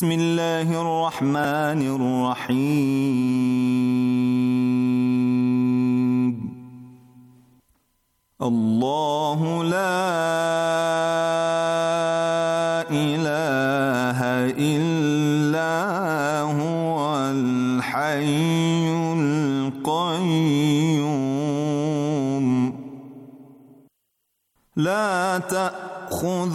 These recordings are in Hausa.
بسم الله الرحمن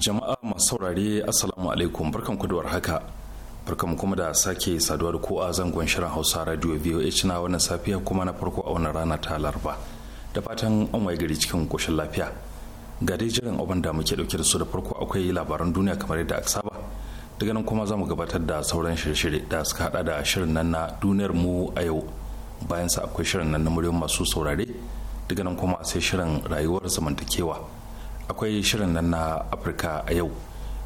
jama'a masu saurare assalamu alaikum barkan ku haka barkan kuma da sake saduwa da ko a zangon shirin hausa radio voh na wannan safiya kuma na farko a wannan rana ta laraba da fatan an waye gari cikin koshin lafiya ga dai jiran abin da muke dauke da su da farko akwai labaran duniya kamar yadda aka saba daga nan kuma za mu gabatar da sauran shirye-shirye da suka hada da shirin nan na duniyar mu a yau bayan sa akwai shirin nan na muryoyin masu saurare daga nan kuma sai shirin rayuwar zamantakewa akwai shirin nan na afirka a yau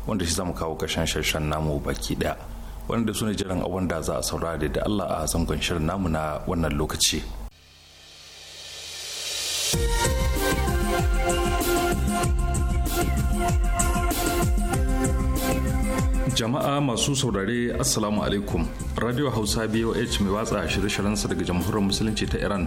wanda shi zamu kawo ƙarshen shirin namu baki ɗaya wanda su ne jiran abin da za a saurara da allah a zangon shirin namu na wannan lokaci jama'a masu saurare assalamu alaikum radio hausa boh mai watsa shirye-shiryensa daga jamhuriyar musulunci ta iran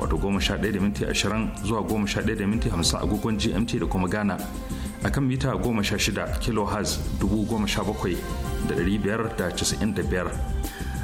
wato goma sha ɗaya da minti ashirin zuwa goma sha ɗaya da minti hamsin agogon gmt da kuma ghana akan mita goma sha shida kilohertz dubu goma sha bakwai da ɗari biyar da casa'in da biyar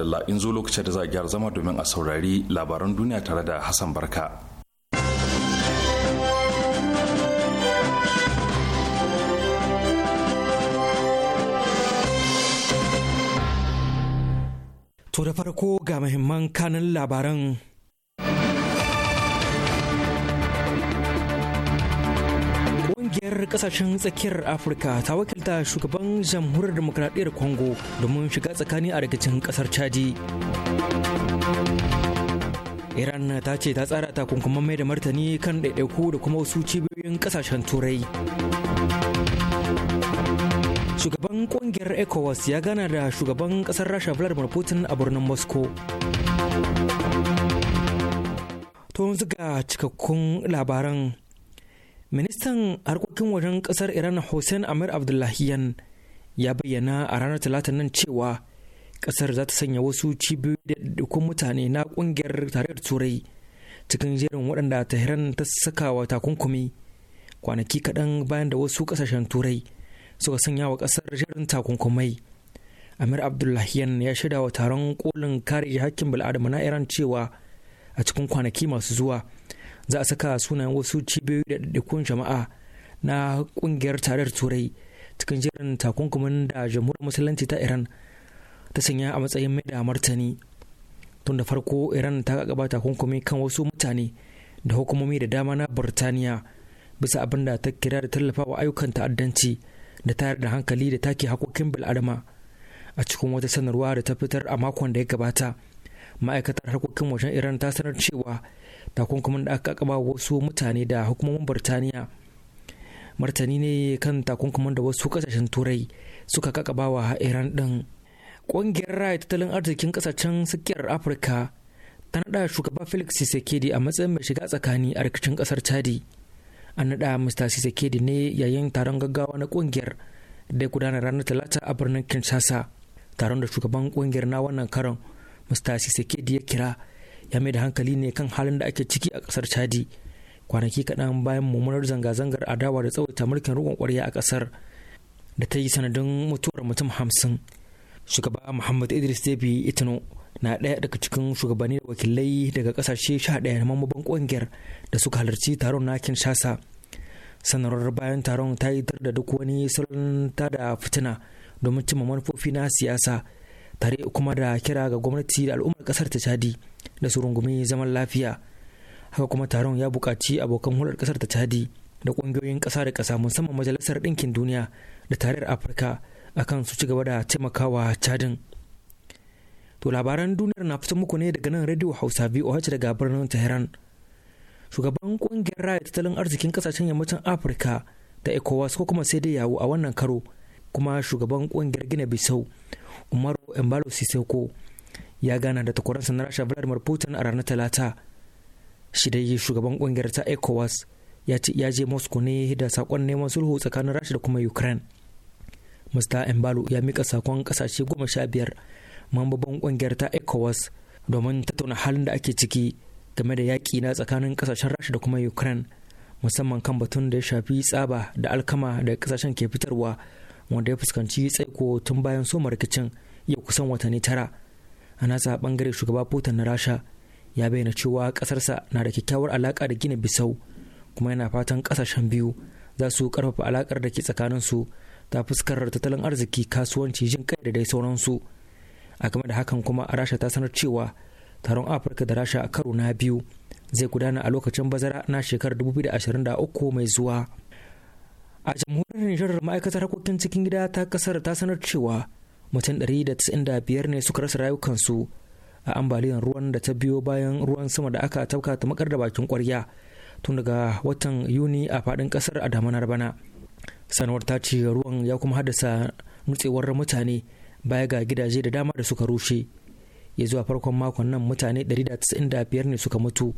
madalla in zo lokacin da za a gyara zama domin a saurari labaran duniya tare da Hassan Barka. To da farko ga muhimman kanin labaran Ƙungiyar ƙasashen tsakiyar Afirka ta wakilta shugaban jamhuriyar demokradiyyar Congo domin shiga tsakani a rikicin ƙasar Chadi. Iran ta ce ta tsara takunkuman mai da martani kan ɗaiɗaiku da kuma wasu cibiyoyin ƙasashen Turai. Shugaban ƙungiyar ECOWAS ya gana da shugaban ƙasar Rasha Vladimir Putin a birnin Moscow. To yanzu ga cikakkun labaran ministan harkokin wajen kasar iran hussein amir abdullahiyan ya bayyana a ranar talata nan cewa kasar za ta sanya wasu cibiyoyi da mutane na kungiyar tarayyar turai cikin jerin waɗanda tehran ta saka wa takunkumi kwanaki kaɗan bayan da wasu kasashen turai suka sanya wa ƙasar jerin takunkumai amir abdullahiyan ya shaida wa taron kolin kare hakkin bil'adama na iran cewa a cikin kwanaki masu zuwa za a saka sunayen wasu cibiyoyi da ɗaiɗaikun jama'a na ƙungiyar tarayyar turai cikin jerin takunkumin da jamhuriyar musulunci ta iran ta sanya a matsayin mai da martani tun da farko iran ta gaba takunkumi kan wasu mutane da hukumomi da dama na burtaniya bisa abin da ta kira da tallafawa ayyukan ta'addanci da tayar da hankali da take hakokin bil'adama a cikin wata sanarwa da ta fitar a makon da ya gabata ma'aikatar harkokin wajen iran ta sanar cewa takunkumin da aka kaba wasu mutane da hukumomin burtaniya martani ne kan takunkumin da wasu kasashen turai suka kakaba wa iran din ƙungiyar raya tattalin arzikin kasashen tsakiyar afirka ta naɗa shugaba felix sisekedi a matsayin mai shiga tsakani a rikicin ƙasar chadi an naɗa mr sisekedi ne yayin taron gaggawa na ƙungiyar da ya gudana ranar talata a birnin kinshasa taron da shugaban ƙungiyar na wannan karon mr sisekedi ya kira ya mai da hankali ne kan halin da ake ciki a kasar chadi kwanaki kaɗan bayan mummunar zanga-zangar adawa da tsawaita mulkin rukun kwarya a kasar da ta yi sanadin mutuwar mutum hamsin shugaba muhammad idris debi itino na ɗaya daga cikin shugabanni da wakilai daga ƙasashe sha ɗaya na mamaban ƙungiyar da suka halarci taron na kinshasa sanarwar bayan taron ta yi da duk wani salon da fitina domin cimma manufofi na siyasa tare kuma da kira ga gwamnati da al'ummar kasar ta chadi da su rungumi zaman lafiya haka kuma taron ya bukaci abokan hulɗar kasar ta chadi da ƙungiyoyin ƙasa da ƙasa musamman majalisar ɗinkin duniya da tarayyar afirka akan su ci gaba da taimakawa chadin to labaran duniyar na fito muku ne daga nan radio hausa voh daga birnin tehran shugaban ƙungiyar raya tattalin arzikin kasashen yammacin afirka da ecowas ko kuma sai dai yawo a wannan karo kuma shugaban kungiyar gina bisau umaru embalo siseko ya gana da takwaransa na rasha vladimir putin a ranar talata shi da shugaban kungiyar ta ecowas ya ce ya je moscow ne da sakon neman sulhu tsakanin rasha da kuma ukraine mr embalo ya mika sakon kasashe goma sha biyar mambobin kungiyar ta ecowas domin tattauna halin da ake ciki game da yaƙi na tsakanin kasashen rasha da kuma ukraine musamman kan batun da ya shafi tsaba da alkama da kasashen ke fitarwa wanda ya fuskanci tsaiko tun bayan soma rikicin ya kusan watanni tara a nasa bangare shugaba putin na rasha ya bayyana cewa kasarsa na da kyakkyawar alaka da gina bisau kuma yana fatan kasashen biyu za su karfafa alakar da ke tsakanin su ta fuskar tattalin arziki kasuwanci jin kai da dai sauransu a game da hakan kuma rasha ta sanar cewa taron afirka da rasha a karo na biyu zai gudana a lokacin bazara na shekarar 2023 mai zuwa a jamhuriyar nijar ma'aikatar harkokin cikin gida ta kasar ta sanar cewa mutum 195 ne suka rasa rayukansu a ambaliyar ruwan da ta biyo bayan ruwan sama da aka tafka ta makar da bakin kwarya tun daga watan yuni a fadin kasar a damanar bana sanuwar ta ce ruwan ya kuma haddasa nutsewar mutane baya ga gidaje da dama da suka rushe ya zuwa farkon makon nan mutane 195 ne suka mutu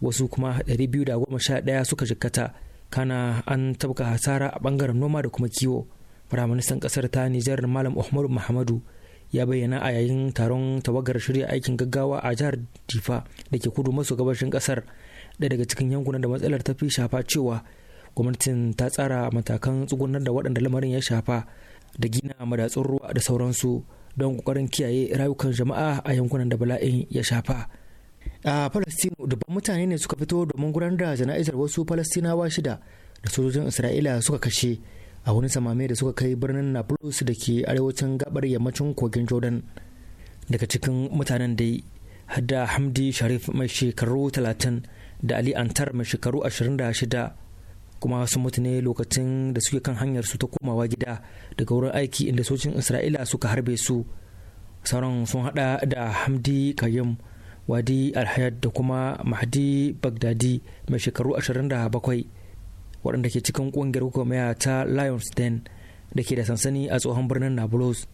wasu kuma 211 suka jikkata kana an tabka hasara a bangaren noma da kuma kiwo firaministan kasar ta nijar malam ahmadu mahamadu ya bayyana a yayin taron tawagar shirya aikin gaggawa a jihar difa da ke kudu maso gabashin kasar ɗaya daga cikin yankunan da matsalar ta fi shafa cewa gwamnatin ta tsara matakan tsugunar da waɗanda lamarin ya shafa da gina madatsun ruwa da sauransu don ƙoƙarin kiyaye rayukan jama'a a yankunan da bala'in ya shafa a palestine dubban mutane ne suka fito domin gudanar da jana'izar wasu palestinawa shida da sojojin isra'ila suka kashe a wani samame da suka kai birnin nablus da ke arewacin gabar yammacin kogin jordan daga cikin mutanen dai hadda hamdi sharif mai shekaru 30 da ali antar mai shekaru 26 kuma sun mutu ne lokacin da suke kan hanyar su ta komawa gida daga wurin aiki inda sojojin isra'ila suka harbe su sauran sun hada da hamdi kayim wadi alhayat da kuma mahdi bagdadi mai shekaru 27 waɗanda ke cikin ƙungiyar hukumaya ta lions den da ke da sansani a tsohon birnin nablus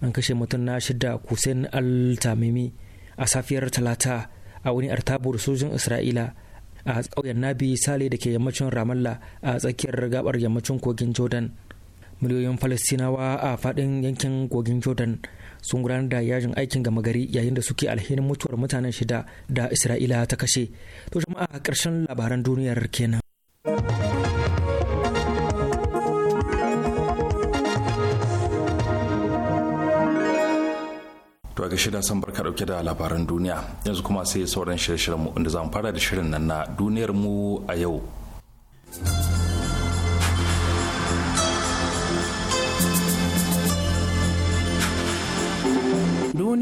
an kashe mutum na shida kusan al-tamimi a safiyar talata a wani artabu da sojin isra'ila a ƙauyen nabi sale da ke yammacin ramallah a tsakiyar gabar yammacin kogin jordan miliyoyin falastinawa a faɗin yankin kogin jordan sun gudanar da yajin aikin gama gari yayin da suke alhinin mutuwar mutanen shida da isra'ila ta kashe to jama'a a ƙarshen labaran duniyar kenan To ga shida san barka dauke da labaran duniya yanzu kuma sai sauran shirye-shiryenmu inda zamu fara da shirin nan na duniyar mu a yau.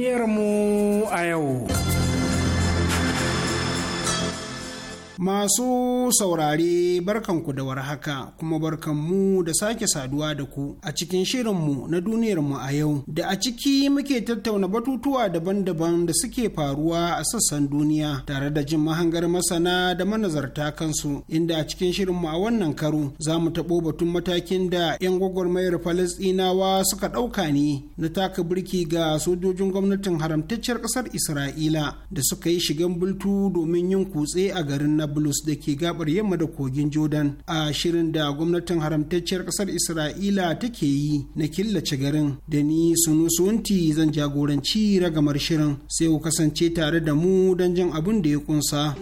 duniyarmu a yau. Masu saurare barkanku da warhaka kuma barkanmu da sake saduwa da ku a cikin shirinmu na duniyarmu a yau da a ciki muke tattauna batutuwa daban-daban da suke faruwa a sassan duniya tare da jin mahangar masana da manazarta kansu inda a cikin shirinmu a wannan karo za mu taɓo batun matakin da 'yan gwagwarmayar Falasɗinawa suka ɗauka ne na taka birki ga sojojin gwamnatin haramtacciyar ƙasar Isra'ila da suka yi shigan bultu domin yin kutse a garin na Nablus da ke gabar yamma da kogin Jordan a shirin da gwamnatin haramtacciyar ƙasar Isra'ila take yi na killace garin da ni sunusunti zan jagoranci ragamar shirin sai ku kasance tare da mu don jin abin da ya kunsa.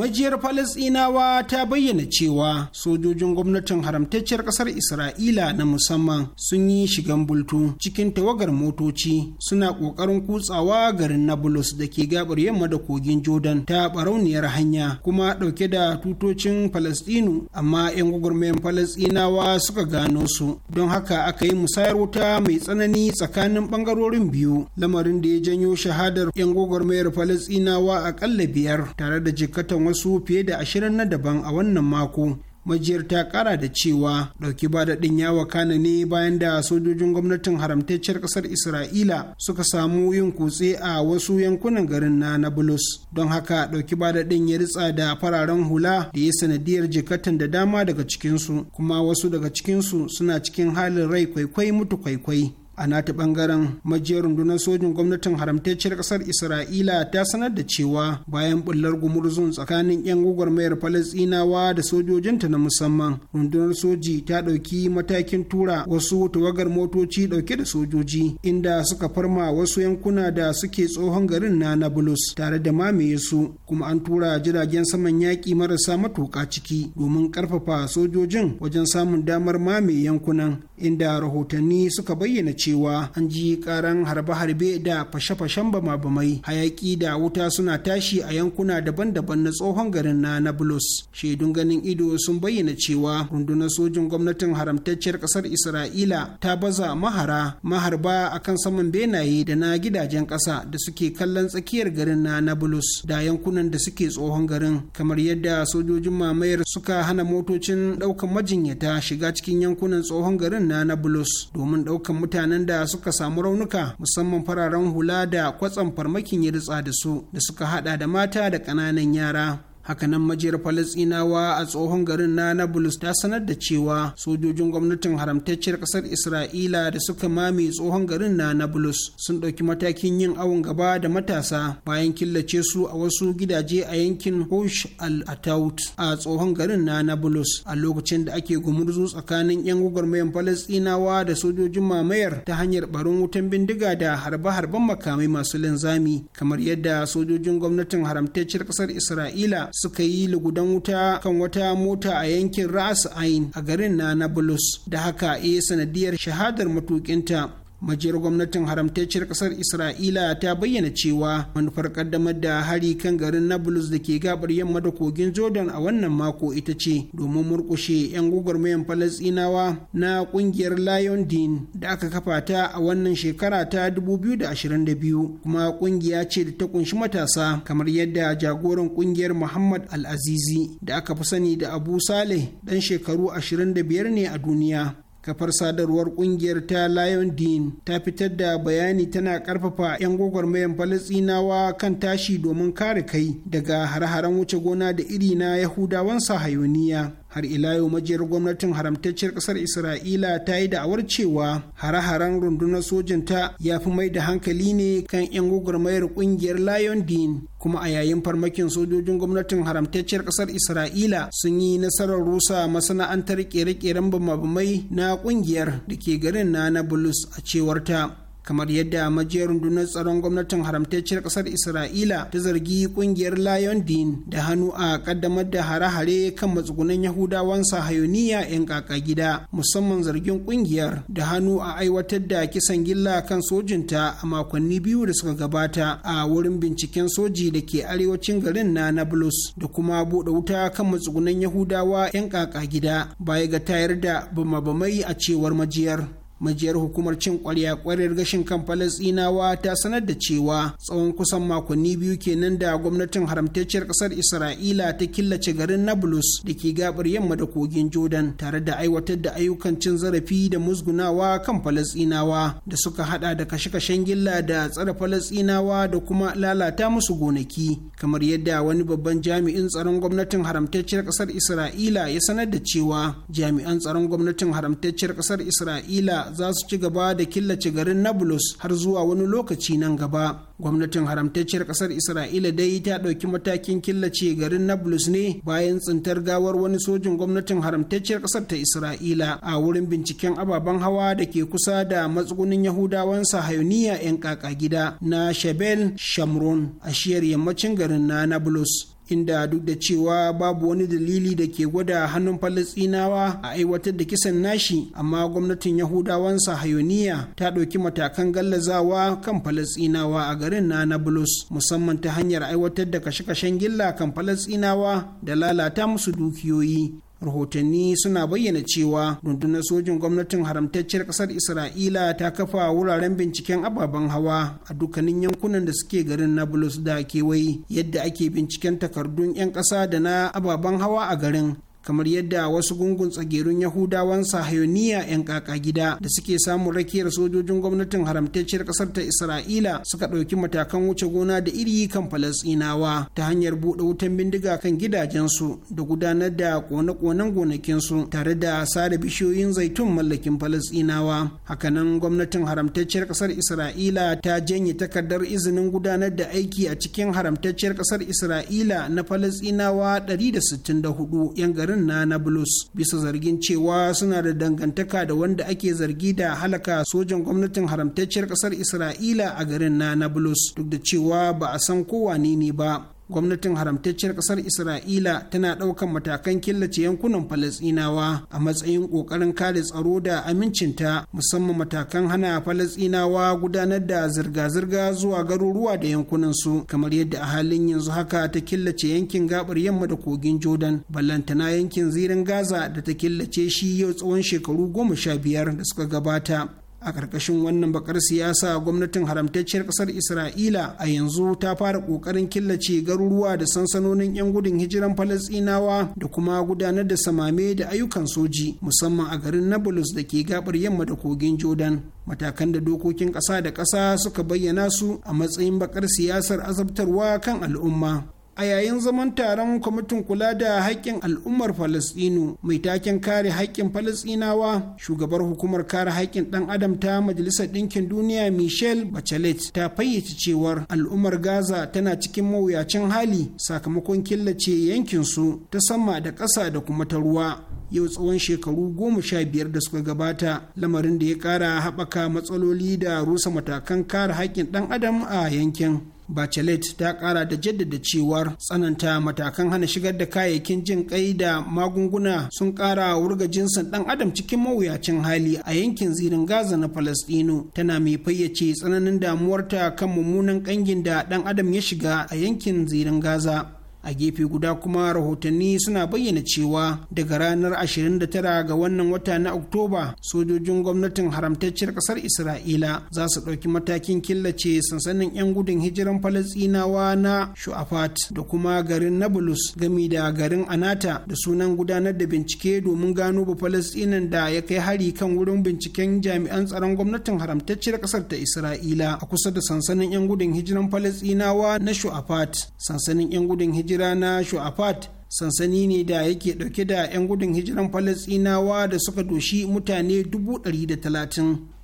majiyar Falasɗinawa ta bayyana cewa sojojin gwamnatin haramtacciyar ƙasar isra'ila na musamman sun yi shigan bultu cikin tawagar motoci suna ƙoƙarin kutsawa garin nablus da ke gabar yamma da kogin jordan ta barauniyar hanya kuma ɗauke da tutocin falasɗinu amma 'yan gwagwarmayar falasɗinawa suka gano su don haka aka yi musayar wuta mai tsanani tsakanin ɓangarorin biyu lamarin da ya janyo shahadar 'yan gwagwarmayar falasɗinawa aƙalla biyar tare da jikatan wasu fiye da ashirin na daban a wannan mako majiyar ta kara da cewa dauki ba daɗin ya kana ne bayan da sojojin gwamnatin haramtacciyar ƙasar isra'ila suka samu yin kutse a wasu yankunan garin na nablus don haka dauki ba daɗin ya ritsa da fararen hula da ya sanadiyar jikatan da dama daga cikinsu kuma wasu daga cikinsu suna cikin halin rai kwaikwai mutu kwaikwai a nata bangaren majiyar rundunar sojin gwamnatin haramtacciyar kasar isra'ila ta sanar da cewa bayan bullar gumurzun tsakanin yan gwagwarmayar falasinawa da sojojinta na musamman rundunar soji ta ɗauki matakin tura wasu tawagar motoci ɗauke da sojoji inda suka farma wasu yankuna da suke tsohon garin na nablus tare da mamaye su kuma an tura jiragen saman yaƙi marasa matuƙa ciki domin ƙarfafa sojojin wajen samun damar mamaye yankunan inda rahotanni suka bayyana ce. cewa an ji karan harbe-harbe da fashe-fashen bama-bamai hayaki da wuta suna tashi a yankuna daban-daban na tsohon garin na nablus shaidun ganin ido sun bayyana cewa rundunar sojin gwamnatin haramtacciyar kasar isra'ila ta baza mahara maharba kan saman benaye da na gidajen kasa da suke kallon tsakiyar garin na nablus da yankunan da suke tsohon garin kamar yadda sojojin mamayar suka hana motocin ɗaukan majinyata shiga cikin yankunan tsohon garin na nablus domin ɗaukan mutanen waɗanda suka samu raunuka musamman fararen hula da kwatsam farmakin ya da su da suka hada da mata da ƙananan yara hakanan majiyar falasinawa a tsohon garin na nablus ta sanar da cewa sojojin gwamnatin haramtacciyar kasar isra'ila da suka mame tsohon garin na nablus sun ɗauki matakin yin awon gaba da matasa bayan killace su a wasu gidaje a yankin hosh al ataut a tsohon garin na nablus a lokacin da ake gumurzu tsakanin yan gwagwarmayan falasinawa da sojojin mamayar ta hanyar barin wutan bindiga da harbe-harben makamai masu linzami kamar yadda sojojin gwamnatin haramtacciyar kasar isra'ila suka yi lugudan wuta kan wata mota a yankin Ras Ain a garin na Nablus da haka iya eh, sanadiyar shahadar matukinta majiyar gwamnatin haramtacciyar kasar isra'ila ta bayyana cewa manufar kaddamar da hari kan garin nablus da ke gabar yamma da kogin jordan a wannan mako ita ce domin murkushe 'yan gwagwarmayan falasinawa na kungiyar lion din da aka kafa ta a wannan shekara ta 2022 kuma kungiya ce da ta kunshi matasa kamar yadda jagoran kungiyar muhammad al-azizi da aka fi sani da abu saleh dan shekaru 25 ne a duniya kafar sadarwar kungiyar ta lion din ta fitar da bayani tana karfafa 'yan gwagwarmayan falasinawa kan tashi domin kare kai daga hare-haren wuce gona da iri na yahudawan sahayoniya har ila yau majiyar gwamnatin haramtacciyar kasar isra'ila ta yi da'awar cewa hare-haren rundunar sojinta ya fi mai da hankali ne kan 'yan gwagwarmayar kungiyar lion din kuma a yayin farmakin sojojin gwamnatin haramtacciyar kasar isra'ila sun yi nasarar rusa masana'antar kere-keren bamabamai na kungiyar da ke garin na nablus a cewarta kamar yadda majiyar rundunar tsaron gwamnatin haramtacciyar ƙasar isra'ila ta zargi ƙungiyar lion din da hannu a ƙaddamar da hare-hare kan matsugunan yahudawan sahayoniya 'yan kaka gida musamman zargin ƙungiyar da hannu a aiwatar da kisan gilla kan sojinta a makonni biyu da suka gabata a wurin binciken soji da ke arewacin garin na nablus da kuma buɗe wuta kan matsugunan yahudawa 'yan kaka gida baya ga tayar da bama-bamai a cewar majiyar majiyar hukumar cin kwarya kwarar gashin kan falasinawa ta sanar da cewa tsawon kusan makonni biyu kenan da gwamnatin haramtacciyar kasar isra'ila ta killace garin nablus da ke gabar yamma da kogin jordan tare da aiwatar da ayyukan cin zarafi da musgunawa kan falasinawa da suka hada da kashe-kashen gilla da tsare falasinawa da kuma lalata musu gonaki kamar yadda wani babban jami'in tsaron gwamnatin haramtacciyar kasar isra'ila ya sanar da cewa jami'an tsaron gwamnatin haramtacciyar kasar isra'ila za su ci gaba da killace garin nablus har zuwa wani lokaci nan gaba gwamnatin haramtacciyar kasar isra'ila dai ta ɗauki matakin killace garin nablus ne bayan tsintar gawar wani sojin gwamnatin haramtacciyar kasar ta isra'ila a wurin binciken ababen hawa da ke kusa da matsugunin yahudawan sahayuniya 'yan kaka gida na shebel shamron a shiyar yammacin garin na nablus inda duk da cewa babu wani dalili da ke gwada hannun falasinawa a aiwatar da kisan nashi amma gwamnatin yahudawan sahayoniya ta ɗauki matakan gallazawa kan falasinawa a garin na nablus musamman ta hanyar aiwatar da kashe-kashen gilla kan falasinawa da lalata musu dukiyoyi rahotanni suna bayyana cewa rundunar sojin gwamnatin haramtacciyar ƙasar isra'ila ta kafa wuraren binciken ababen hawa a dukkanin yankunan da suke garin nablus da kewaye yadda ake binciken takardun 'yan ƙasa da na ababen hawa a garin kamar yadda wasu gungun tsagerun yahudawan sahayoniya 'yan kaka gida da suke samun rakiyar sojojin gwamnatin haramtacciyar kasar ta isra'ila suka ɗauki matakan wuce gona da iri kan falasɗinawa ta hanyar buɗe wutan bindiga kan gidajensu da gudanar da kone-konen gonakinsu tare da sare bishiyoyin zaitun mallakin falasinawa hakanan gwamnatin haramtacciyar kasar isra'ila ta janye takardar izinin gudanar da aiki a cikin haramtacciyar kasar isra'ila na falasɗinawa 164 'yan gari garin na Nablus bisa zargin cewa suna da dangantaka da wanda ake zargi da halaka sojan gwamnatin haramtacciyar ƙasar Isra'ila a garin na Nablus duk da cewa ba a san kowa ne ba. gwamnatin haramtacciyar ƙasar isra'ila tana ɗaukan matakan killace yankunan falasinawa a matsayin ƙoƙarin kare tsaro da amincinta musamman matakan hana falasinawa gudanar da zirga-zirga zuwa garuruwa da yankunan su kamar yadda a halin yanzu haka ta killace yankin gabar yamma da kogin jordan ballantana yankin zirin gaza da ta killace shi yau tsawon shekaru goma sha biyar da suka gabata a ƙarƙashin wannan bakar siyasa gwamnatin haramtacciyar ƙasar isra'ila a yanzu ta fara ƙoƙarin killace garuruwa da sansanonin 'yan gudun hijiran falasɗinawa da kuma gudanar da samame da ayyukan soji musamman a garin nablus da ke gabar yamma da kogin jordan matakan da dokokin ƙasa da ƙasa suka bayyana su a matsayin bakar siyasar azabtarwa kan al'umma a yayin zaman taron kwamitin kula da haƙƙin al'ummar falasɗinu mai taken kare haƙƙin falasɗinawa shugabar hukumar kare haƙƙin ɗan adam ta majalisar ɗinkin duniya michelle bachelet ta fayyace cewar al'ummar gaza tana cikin mawuyacin hali sakamakon killace yankin su ta sama da ƙasa da kuma ta ruwa yau tsawon shekaru goma sha biyar da suka gabata lamarin da ya kara haɓaka matsaloli da rusa matakan kare haƙƙin ɗan adam a yankin bachelet ta kara da jaddada cewar tsananta matakan hana shigar da kayayyakin jin kai da magunguna sun kara wurga jinsin dan adam cikin mawuyacin hali a yankin zirin gaza na palestino tana mai fayyace tsananin damuwarta kan mummunan kangin da dan adam ya shiga a yankin zirin gaza a gefe guda kuma rahotanni suna bayyana cewa daga ranar 29 ga wannan wata na oktoba sojojin gwamnatin haramtacciyar kasar isra'ila za su ɗauki matakin killace sansanin 'yan gudun hijiran falasinawa na shu'afat da kuma garin nablus gami da garin anata da sunan gudanar da bincike domin gano ba falasinan da ya kai hari kan wurin binciken jami'an tsaron gwamnatin haramtacciyar kasar ta isra'ila a kusa da sansanin 'yan gudun hijiran falasinawa na shu'afat sansanin 'yan gudun hijiran hijira na shu'afat sansani ne da yake dauke da 'yan gudun hijiran falasinawa da suka doshi mutane dubu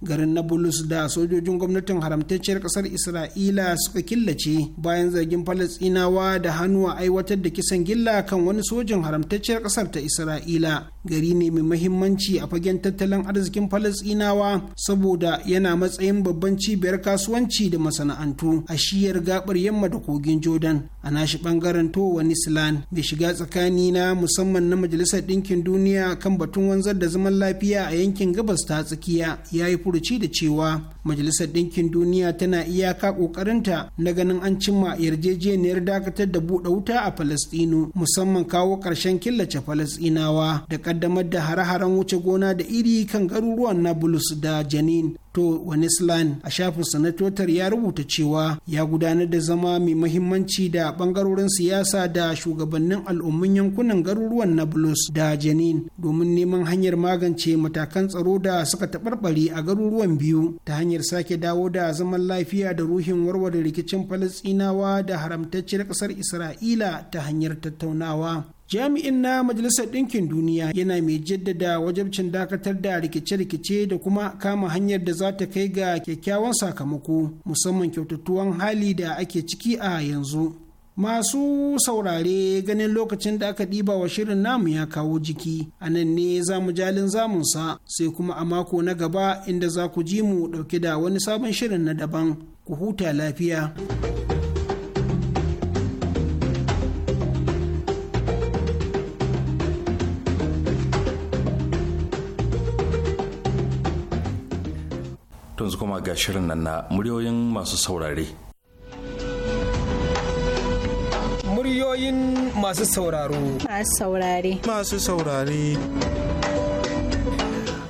garin Nablus da sojojin gwamnatin haramtacciyar kasar Isra'ila suka killace bayan zargin Falasɗinawa da hannu a aiwatar da kisan gilla kan wani sojin haramtacciyar kasar ta Isra'ila. Gari ne mai mahimmanci a fagen tattalin arzikin Falasɗinawa saboda yana matsayin babban cibiyar kasuwanci da masana'antu a shiyar gabar yamma da kogin Jordan. A nashi bangaren to wani Silan mai shiga tsakani na musamman na Majalisar Ɗinkin Duniya kan batun wanzar da zaman lafiya a yankin gabas ta tsakiya ya yi furuci da cewa majalisar ɗinkin duniya tana iyaka ƙoƙarinta na ganin an cimma yarjejeniyar dakatar da buɗe wuta a falastinu musamman kawo ƙarshen killace falastinawa da ƙaddamar da hare-haren wuce gona da iri kan garuruwan nablus da janin to Wanislan a shafinsa na Twitter ya rubuta cewa ya gudanar da zama mai mahimmanci da bangarorin siyasa da shugabannin al'ummin yankunan garuruwan na Nablus da Janin domin neman hanyar magance matakan tsaro da suka taɓarɓare a garuruwan biyu ta hanyar sake dawo da zaman lafiya da ruhin warware rikicin Falasɗinawa da haramtacciyar ƙasar Isra'ila ta hanyar tattaunawa. jami'in na majalisar ɗinkin duniya yana mai jaddada wajabcin dakatar da rikice-rikice da kuma kama hanyar da za ta kai ga kyakkyawan sakamako musamman kyautattuwan hali da ake ciki a yanzu masu saurare ganin lokacin da aka ɗiba wa shirin namu ya kawo jiki a nan ne za mu jalin zamunsa sai kuma a mako na gaba inda za ku ji mu ɗauke da wani sabon shirin na daban ku huta lafiya. kuma ga shirin nan na muryoyin masu saurare. Muryoyin masu sauraro. Masu saurare. Masu saurare.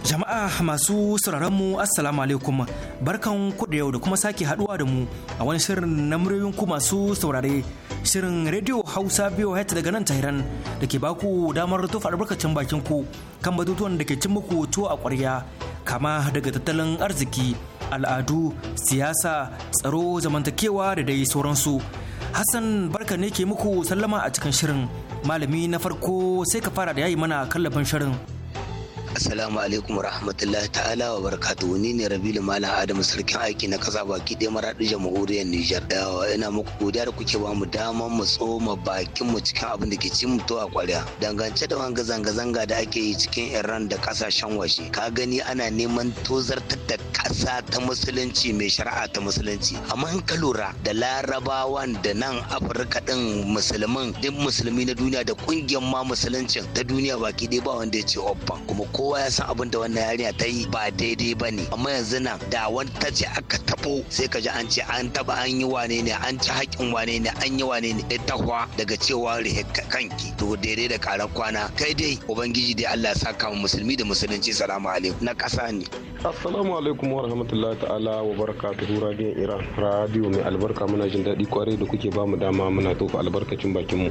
Jama'a masu sauraron mu Assalamu alaikum barkan ku da yau da kuma sake haduwa da mu a wani shirin na muryoyin ku masu saurare shirin Radio Hausa biyo het daga nan Tahiran da ke baku damar tofa albarkacin bakin ku kan batutuwan da ke cin muku tuwo a kwarya kama daga tattalin arziki al'adu siyasa tsaro zamantakewa da dai sauransu hassan barka ne ke muku sallama a cikin shirin malami na farko sai ka fara da yayi mana kallafin shirin Assalamu alaikum rahmatullahi ta'ala wa barakatuhu ni ne Rabilu Malam Adamu sarkin aiki na kasa baki ɗaya maraɗi jamhuriyar Nijar. Ina muku godiya da kuke ba mu dama mu tsoma bakin mu cikin abin da ke ci mu a kwarya. Dangance da wanga zanga-zanga da ake yi cikin Iran da kasashen waje. Ka gani ana neman tozartar da ƙasa ta musulunci mai shari'a ta musulunci. Amma in ka lura da larabawan da nan Afirka ɗin musulmin duk musulmi na duniya da kungiyar ma musuluncin ta duniya baki ɗaya ba wanda ya ce kuma ko kowa ya san abin da wannan yarinya ta yi ba daidai ba ne amma yanzu nan da wani ta ce aka tabo sai ka ji an ce an taba an yi wane ne an ci haƙƙin wane ne an yi wane ne ita kuwa daga cewa rihe kanki to daidai da karar kwana kai dai ubangiji dai Allah ya saka mu musulmi da musulunci salamu alaikum na ƙasa ne assalamu alaikum wa rahmatullahi ta'ala wa barakatuhu radiyon iran radio mai albarka muna jin daɗi kwarai da kuke ba bamu dama muna tofa albarkacin bakin mu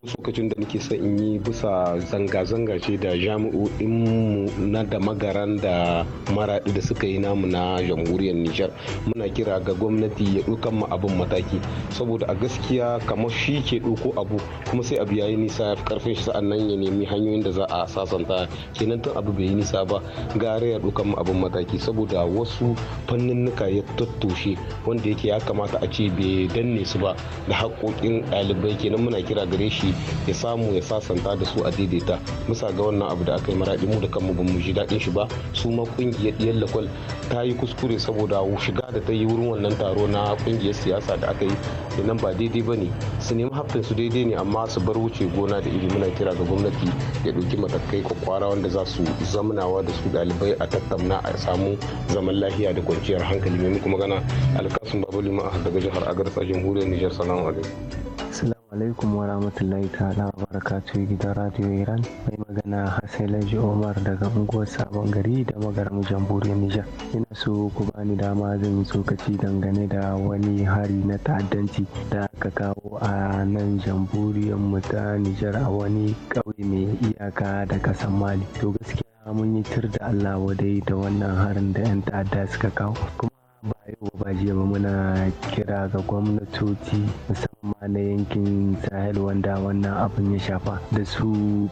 yau lokacin da nake son in yi bisa zanga-zanga ce da jami'o'in mu na da magaran da maraɗi da suka yi namu na jamhuriyar nijar muna kira ga gwamnati ya ɗaukan mu abin mataki saboda a gaskiya kamar shi ke ɗauko abu kuma sai abu yayi nisa ya fi karfin shi sa'an nan ya nemi hanyoyin da za a sasanta kenan tun abu bai yi nisa ba gara ya dukan mu abin mataki saboda wasu fanninnika ya tattoshe wanda yake ya kamata a ce bai danne su ba da haƙoƙin ɗalibai kenan muna kira gare shi ya samu ya sasanta da su a daidaita musa ga wannan abu da aka yi maraɗi mu da kanmu ba mu ji daɗin shi ba su ma kungiyar diyar lakwal ta yi kuskure saboda shiga da ta yi wurin wannan taro na kungiyar siyasa da aka yi da nan ba daidai ba ne su nemi haƙƙin su daidai ne amma su bar wuce gona da iri muna kira ga gwamnati ya ɗauki matakai ko kwara wanda za su zamanawa da su ɗalibai a tattauna a samu zaman lafiya da kwanciyar hankali mai muku magana alkasun babu liman daga jihar sashen jamhuriyar nijar salamu alaikum alaikum wa rahmatullahi ta'ala wa barakatu gidan radio iran mai magana hassan laji omar daga unguwar sabon gari da magaram jamhuriyar nijar ina so ku bani dama zan yi tsokaci dangane da wani hari na ta'addanci da aka kawo a nan jamhuriyar mu ta nijar a wani ƙauye mai iyaka da kasan mali to gaskiya mun yi tir da allah wadai da wannan harin da 'yan ta'adda suka kawo kuma yau ba jiya ba muna kira ga gwamnatoci musamman na yankin sahel wanda wannan abin ya shafa da su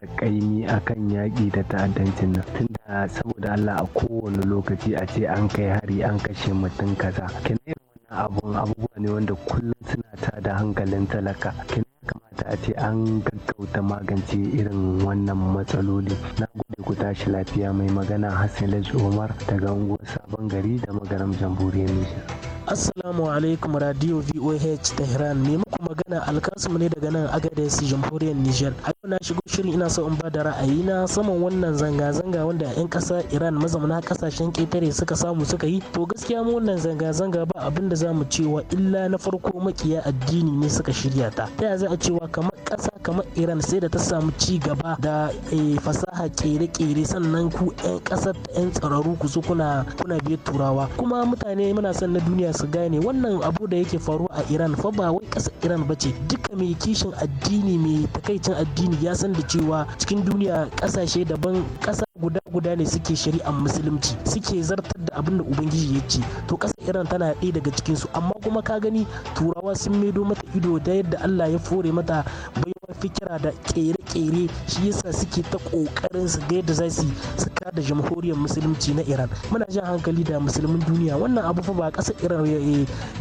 da kaimi akan yaƙi da ta'addancin nan tunda saboda Allah a kowane lokaci a ce an kai hari an kashe mutum kaza kina abun abubuwa ne wanda kullum suna ta da hankalin talaka kina kamata a ce an gaggauta magance irin wannan matsaloli na gode ku tashi lafiya mai magana hassan laji umar daga unguwar sabon gari da magaram jamhuriyar nijar Assalamu alaikum Radio VOH Tehran ne muku magana alkasum ne daga nan Agadez Jamhuriyar Nijar. A yau na shigo shirin ina so in ba da na saman wannan zanga-zanga wanda 'yan ƙasa Iran mazauna kasashen ƙetare suka samu suka yi. To gaskiya mu wannan zanga-zanga ba abin da za mu cewa illa na farko makiya addini ne suka shirya ta. Ta za a cewa kamar ƙasa kamar Iran sai da ta samu ci gaba da eh, fasaha ƙere-ƙere sannan ku 'yan ƙasar 'yan tsararru ku so kuna kuna biyar turawa. Kuma mutane muna son na duniya duniya su gane wannan abu da yake faruwa a iran fa ba wai ƙasar iran ba ce duka mai kishin addini mai takaicin addini ya san da cewa cikin duniya ƙasashe daban ƙasa guda guda ne suke shari'ar musulunci suke zartar da abin da ubangiji ya ce to kasa iran tana ɗaya daga cikin su amma kuma ka gani turawa sun maido mata ido da yadda allah ya fore mata baiwar fikira da ƙere-ƙere shi yasa suke ta ƙoƙarin su ga yadda za su suka da jamhuriyar musulunci na iran muna jan hankali da musulmin duniya wannan abu fa ba kasa iran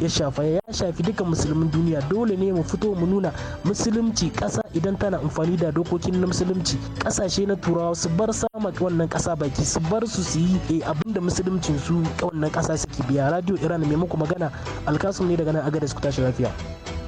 ya shafa ya shafi duka musulmin duniya dole ne mu fito mu nuna musulunci kasa idan tana amfani da dokokin na musulunci ƙasashe na turawa su bar sama wannan kasa baki su bar su su yi eh, abin da musulmcin su wannan kasa suke biya radio iran mai maimako magana alkasum ne daga nan agadis ku tashi lafiya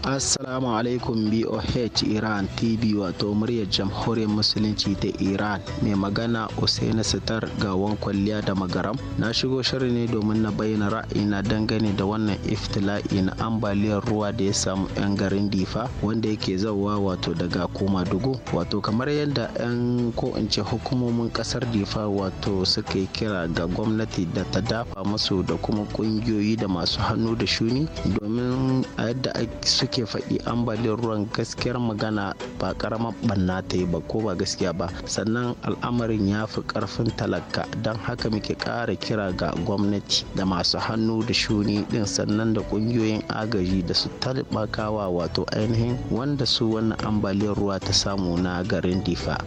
assalamu alaikum boh iran tv wato muryar jamhuriyar musulunci ta iran mai magana usaini sitar gawan kwalliya da magaram na shigo shirin ne domin na bayyana ra'ayina dangane da wannan iftila'i na ambaliyar ruwa da ya samu 'yan garin difa wanda yake zauwa wato daga koma dugu wato kamar yadda 'yan ko in ce hukumomin kasar difa wato suka yi kira ga gwamnati da ta dafa musu da kuma kungiyoyi da masu hannu da shuni domin a yadda suke ake faɗi ambaliyar ruwan gaskiyar magana ba karamar banna ta yi ba ko ba gaskiya ba sannan al'amarin ya fi karfin talaka don haka muke ƙara kira ga gwamnati da masu hannu da shuni din sannan da ƙungiyoyin agaji da su taimakawa wato ainihin wanda su wannan ambaliyar ruwa ta samu na garin difa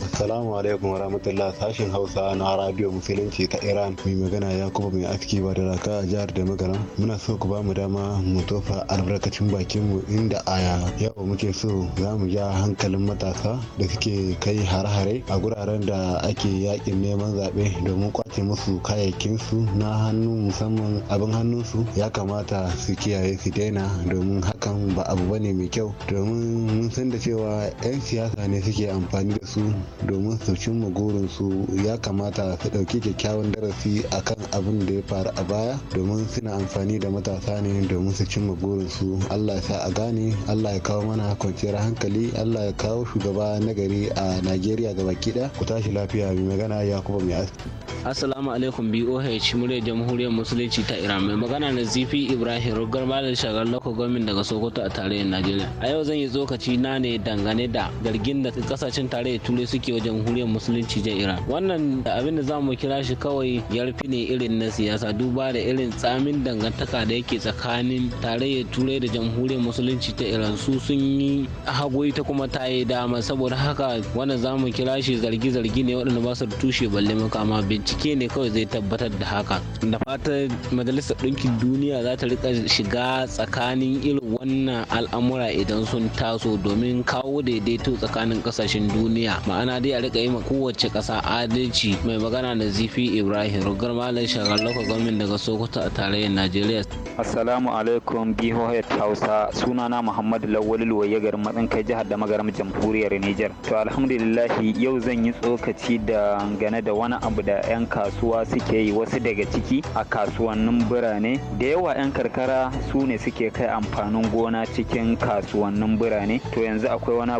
Assalamu alaikum warahmatullah sashen Hausa na Radio Musulunci ta Iran mai magana ya kuma mai aski ba da raka a jihar da magana. Muna so ku ba mu dama mu tofa albarkacin bakin mu inda aya yau muke so za mu ja hankalin matasa da suke kai hare-hare a guraren da ake yakin neman zaɓe domin kwace musu kayayyakin su na hannu musamman abin hannunsu ya kamata su kiyaye su daina domin hakan ba abu bane mai kyau domin mun san da cewa 'yan siyasa ne suke amfani da su domin su cimma su ya kamata su ɗauki kyakkyawan darasi akan abin da ya faru a baya domin suna amfani da matasa ne domin su cimma su allah ya sa a gane allah ya kawo mana kwanciyar hankali allah ya kawo shugaba na gari a najeriya gaba kida ku tashi lafiya mai magana ya kuma mai aski. assalamu alaikum boh muryar jamhuriyar musulunci ta iran mai magana na zifi ibrahim rugar malam shagar lokacin gwamnati daga sokoto a tarayyar najeriya a yau zan yi tsokaci na ne dangane da gargin da kasashen tarayyar turai suke suke wajen jamhuriyar musulunci ta iran wannan abin da zamu kira shi kawai yarfi ne irin na siyasa duba da irin tsamin dangantaka da yake tsakanin tarayyar turai da jamhuriyar musulunci ta iran su sun yi hagoyi ta kuma ta yi dama saboda haka wannan zamu kira shi zargi-zargi ne waɗanda ba su tushe balle makama bincike ne kawai zai tabbatar da haka da fata majalisar ɗinkin duniya za ta rika shiga tsakanin irin wannan al'amura idan sun taso domin kawo daidaito tsakanin ƙasashen duniya ma'ana ana dai a rika yi ma kowace kasa adalci mai magana da zifi ibrahim rugar malam shagar lokacin daga sokoto a tarayyar najeriya assalamu alaikum bihohet hausa sunana muhammadu lawal luwaye garin matsin kai jihar da magaram jamhuriyar niger to alhamdulillahi yau zan yi tsokaci da gane da wani abu da 'yan kasuwa suke yi wasu daga ciki a kasuwannin birane da yawa 'yan karkara su ne suke kai amfanin gona cikin kasuwannin birane to yanzu akwai wani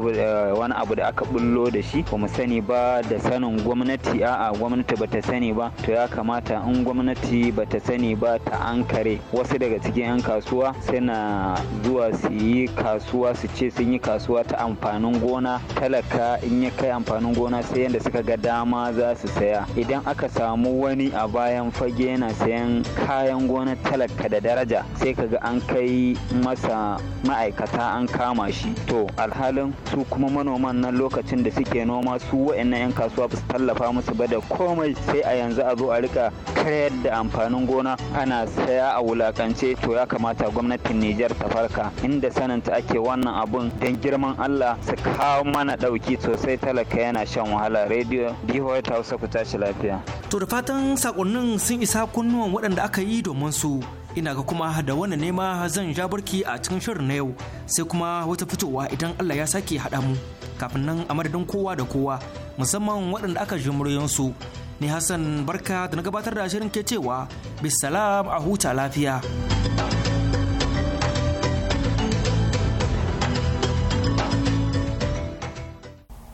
abu eh, da aka bullo da shi ba mu sani ba da sanin gwamnati a'a gwamnati ba ta sani ba to ya kamata in gwamnati ba ta sani ba ta ankare wasu daga cikin 'yan kasuwa suna zuwa su yi kasuwa su ce sun yi kasuwa ta amfanin gona talaka in ya kai amfanin gona sai yadda suka ga dama za su saya idan aka samu wani a bayan fage yana sayan kayan gona talaka da daraja sai ka ga an kai masa ma'aikata an kama shi to alhalin su kuma manoman nan lokacin da suke noma kuma ma su wa'annan 'yan kasuwa ba su tallafa musu ba da komai sai a yanzu a zo a rika karyar da amfanin gona ana saya a wulakance to ya kamata gwamnatin Nijar ta farka inda sananta ake wannan abun don girman Allah su kawo mana ɗauki sosai talaka yana shan wahala rediyo bihoyi ta hausa ku tashi lafiya. To da fatan sakonnin sun isa kunnuwan waɗanda aka yi domin su ina ga kuma da wani nema zan ja birki a cikin shirin na yau sai kuma wata fitowa idan Allah ya sake haɗa mu kafin nan a madadin kowa da kowa musamman waɗanda aka ji muryoyinsu ni Hassan barka da na gabatar da shirin ke cewa bisalam a huta lafiya.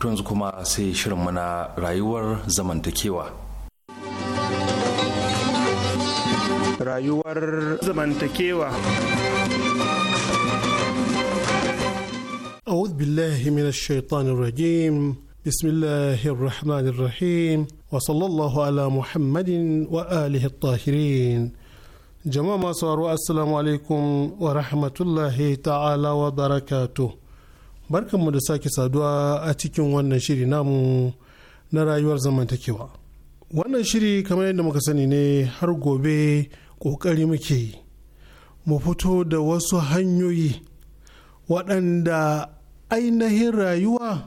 yanzu kuma sai shirin mana rayuwar zamantakewa. rayuwar zamantakewa. أعوذ بالله من الشيطان الرجيم بسم الله الرحمن الرحيم وصلى الله على محمد وآله الطاهرين جماعة مصر السلام عليكم ورحمة الله تعالى وبركاته barkan mu da sake saduwa a cikin wannan shiri namu na rayuwar zamantakewa wannan shiri kamar yadda muka sani ne har gobe ƙoƙari muke yi mu fito da wasu hanyoyi waɗanda ainihin rayuwa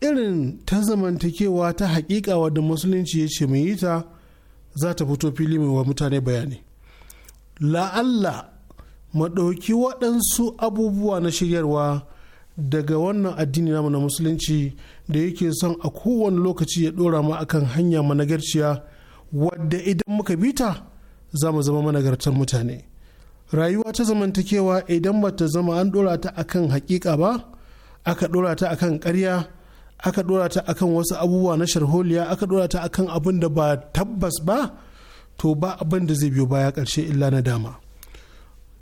irin ta zamantakewa ta haƙiƙa wadda musulunci ya ce mai yi ta za ta fito fili mai wa mutane bayani la'alla mu ɗauki waɗansu abubuwa na shiryarwa daga wannan addini namu na musulunci da yake son a kowane lokaci ya ɗora mu akan hanya managarciya wadda idan muka bi ta za mu zama managartar mutane rayuwa ta zamantakewa idan ba ta zama an dora ta akan hakika ba aka dora ta akan karya aka dora ta akan wasu abubuwa na sharholiya aka dora ta akan abin da ba tabbas ba to ba abin da zai biyo baya karshe illa na dama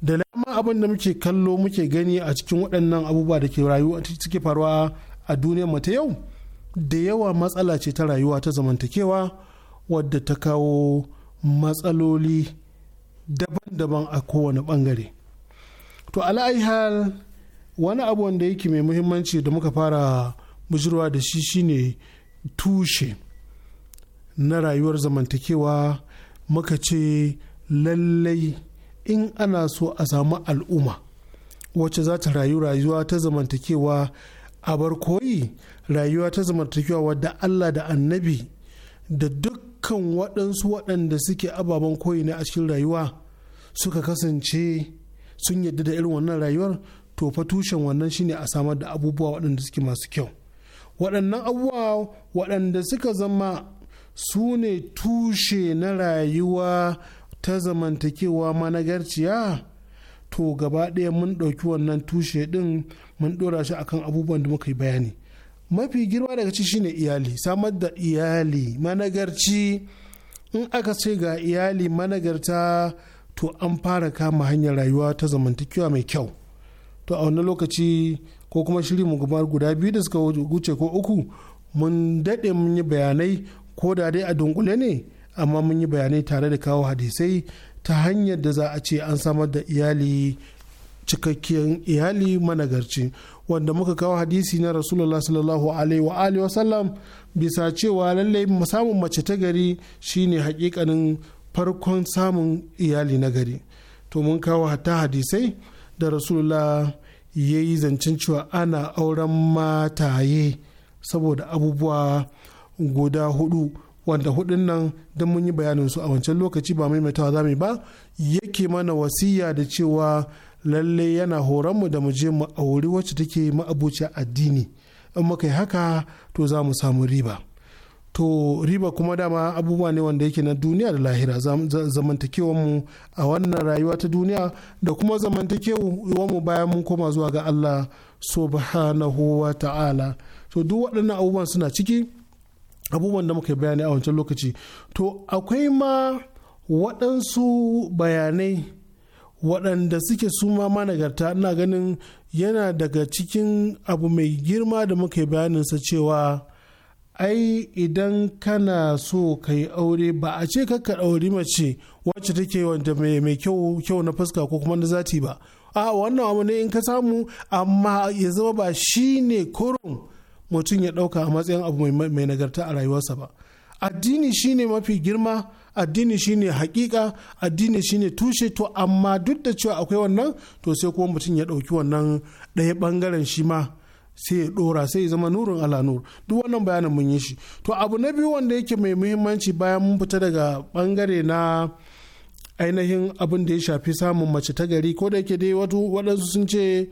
da dama abin da muke kallo muke gani a cikin waɗannan abubuwa da ke rayuwa suke faruwa a duniyar mu ta yau da yawa matsala ce ta rayuwa ta zamantakewa wadda ta kawo matsaloli daban-daban a kowane bangare to ala'ihal wani abu wanda yake mai muhimmanci da muka fara bujirwa da shi shine tushe na rayuwar zamantakewa muka ce lallai in ana so a samu al'umma wacce za ta rayu rayuwa ta zamantakewa a bar koyi rayuwa ta zamantakewa wadda allah da annabi da duk dukkan waɗansu waɗanda suke ababen koyi ne a cikin rayuwa suka kasance sun yadda da irin wannan rayuwar to fa tushen wannan shine a samar da abubuwa waɗanda suke masu kyau waɗannan abubuwa waɗanda suka zama su ne tushe na rayuwa ta zamantakewa managarciya to gaba ɗaya mun ɗauki wannan tushe ɗin mun ɗora shi akan abubuwan da muka yi bayani mafi girma daga ci shine iyali samar da iyali managarci in aka ce ga iyali managarta to an fara kama hanyar rayuwa ta zamantakewa mai kyau to a wani lokaci ko kuma shiri mu guda biyu da suka wuce ko uku mun daɗe mun yi bayanai ko da dai a dunkule ne amma mun yi bayanai tare da kawo hadisai ta hanyar da za a ce an samar da iyali cikakkiyar iyali managarci wanda muka kawo hadisi na rasulullah sallallahu alaihi wa alihi wa bisa cewa lallai samun mace ta gari shine hakikanin farkon samun iyali na gari to mun kawo hatta hadisai da rasulullah ya yi zancen cewa ana auren mataye saboda abubuwa guda hudu wanda hudun nan don mun yi bayanin su a wancan lokaci ba maimaitawa za mu ba yake mana wasiya da cewa lalle yana mu da mu je mu auri wacce take ma'abuciya addini in muka yi haka to za mu samu riba to riba kuma dama abubuwa ne wanda yake na duniya da lahira mu a wannan rayuwa ta duniya da kuma mu bayan mun koma zuwa ga Allah subhanahu wa ta'ala to duk waɗannan abubuwan suna ciki abubuwan da muka bayani a wancan lokaci to akwai ma waɗansu bayanai waɗanda suke suma ma nagarta ina ganin yana daga cikin abu mai girma da muka yi sa cewa ai idan kana so ka yi aure ba a ce ka ɗauri mace wacce take wanda mai kyau kyau na fuska ko kuma na zati ba a wannan abu ne in ka samu amma ya zama ba shi ne koron mutum ya ɗauka a matsayin abu mai nagarta a rayuwarsa ba addini shine mafi girma addini shine hakika addini shine tushe to amma duk da cewa akwai wannan to sai kuma mutum ya ɗauki wannan ɗaya bangaren shi ma sai ya ɗora sai ya zama nurin ala nur duk wannan bayanin mun yi shi to abu na biyu wanda yake mai muhimmanci bayan mun fita daga bangare na ainihin abin da ya shafi samun mace ta gari ko da yake dai waɗansu sun ce